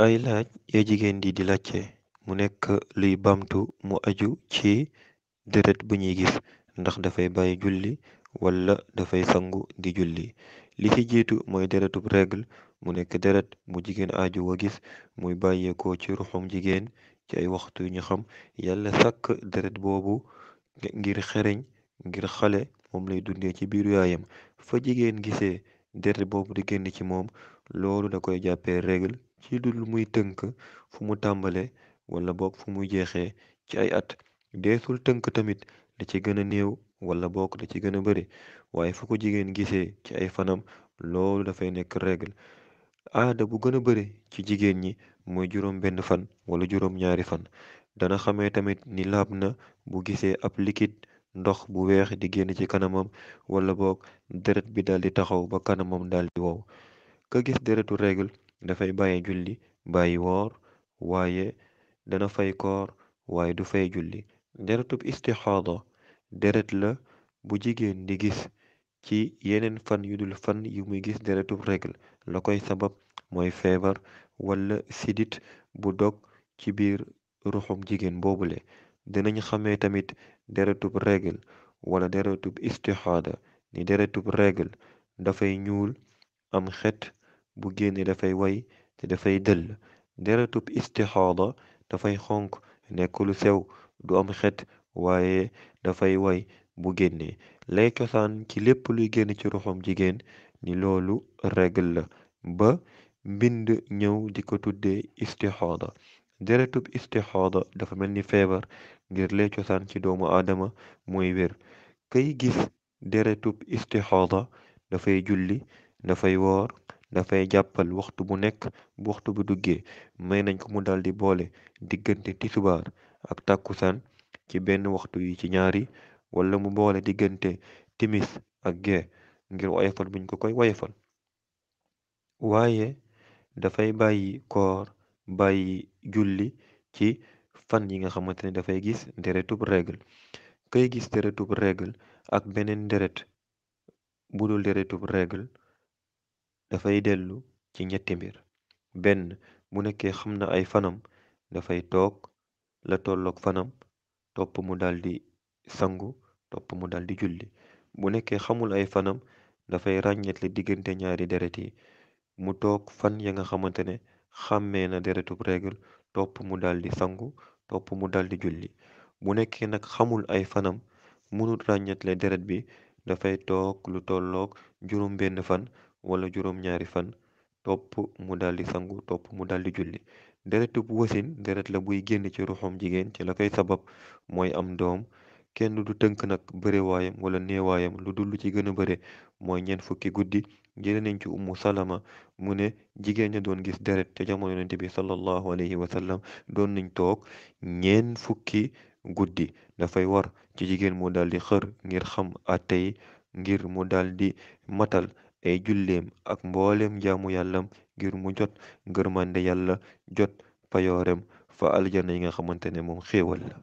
ay laaj ya jigéen di di laajte mu nekk luy bamtu mu aju ci deret bu ñuy gis ndax dafay bàyyi julli wala dafay sangu di julli li si jiitu mooy deretub règle mu nekk deret mu jigéen aju wa gis muy bàyyeekoo ci ruxum jigéen ci ay waxtu ñu xam yàlla sàkk deret boobu ngir xereñ ngir xale moom lay dundee ci biiru yaayam fa jigéen gisee deret boobu di génn ci moom loolu da koy jàppee règle ci lu muy tënk fu mu tàmbalee wala boog fu muy jeexee ci ay at deesul tënk tamit da ci gën a néew wala boog da ci gën a bari waaye fu ko jigéen gisee ci ay fanam loolu dafay nekk règle aada bu gën a bari ci jigéen ñi mooy juróom benn fan wala juróom ñaari fan dana xamee tamit ni laab na bu gisee ab liquide ndox bu weex di génn ci kanamam wala boog deret bi daal di taxaw ba kanamam daal di wow ka gis deretu règle dafay bàyyi julli bàyyi woor waaye dana fay koor waaye du fay julli deretub istixaada deret la bu jigéen di gis ci yeneen fan yu dul fan yu muy gis deretub règle la koy sabab mooy feebar wala sidit bu dog ci biir ruxum jigéen boobule dinañ xamee tamit deretub règle wala deretub istixaada ni deretub règle dafay ñuul am xet bu génnee dafay way te dafay dëll deretub istixaada dafay xonk nekk lu sew du am xet waaye dafay way bu génnee lay cosaan ci lépp luy génn ci ruxum jigéen ni loolu règle ba mbind ñëw di ko tuddee istixaada deretub dafa mel ni feebar ngir lay cosaan ci doomu aadama mooy wér kay gis deretub istixaada dafay julli dafay woor dafay jàppal waxtu bu nekk bu waxtu bu duggee may nañ ko mu daldi boole diggante tisbaar ak takkusaan ci benn waxtu yi ci ñaari wala mu boole diggante timis ak gee ngir woyefal buñ ko koy woyefal waaye dafay bàyyi koor bàyyi julli ci fan yi nga xamante ne dafay gis deretub règle kay gis deretub règle ak beneen deret budul deretub règle dafay dellu ci ñetti mbir benn bu nekkee xam na ay fanam dafay toog la tolloog fanam topp mu daldi sangu topp mu daldi julli bu nekkee xamul ay fanam dafay ràññetle diggante ñaari deret yi mu toog fan ya nga xamante ne xàmmee na deretub règle topp mu daldi sangu topp mu daldi julli bu nekkee nag xamul ay fanam mënut ràññetle deret bi dafay toog lu tolloog juróom benn fan wala juróom-ñaari fan topp mu daldi sangu topp mu daldi julli deret bu wasin deret la buy génn ci ruxum jigéen ci la koy sabab mooy am doom kenn du tënk nag bëre waayam wala neewaayam lu dul lu ci gën a bëre mooy ñeen fukki guddi jële nañ ci ummu salama mu ne jigéen ña doon gis deret ca jamono yonente bi sallallahu alayhi wa sallam doon nañ toog ñeen fukki guddi dafay war ci jigéen mu daldi xër ngir xam àtte yi ngir mu daldi matal ay ak mbooleem jaamu yàllam ngir mu jot ngërmande yàlla jot payoorem fa aljana yi nga xamante ne moom xéewal la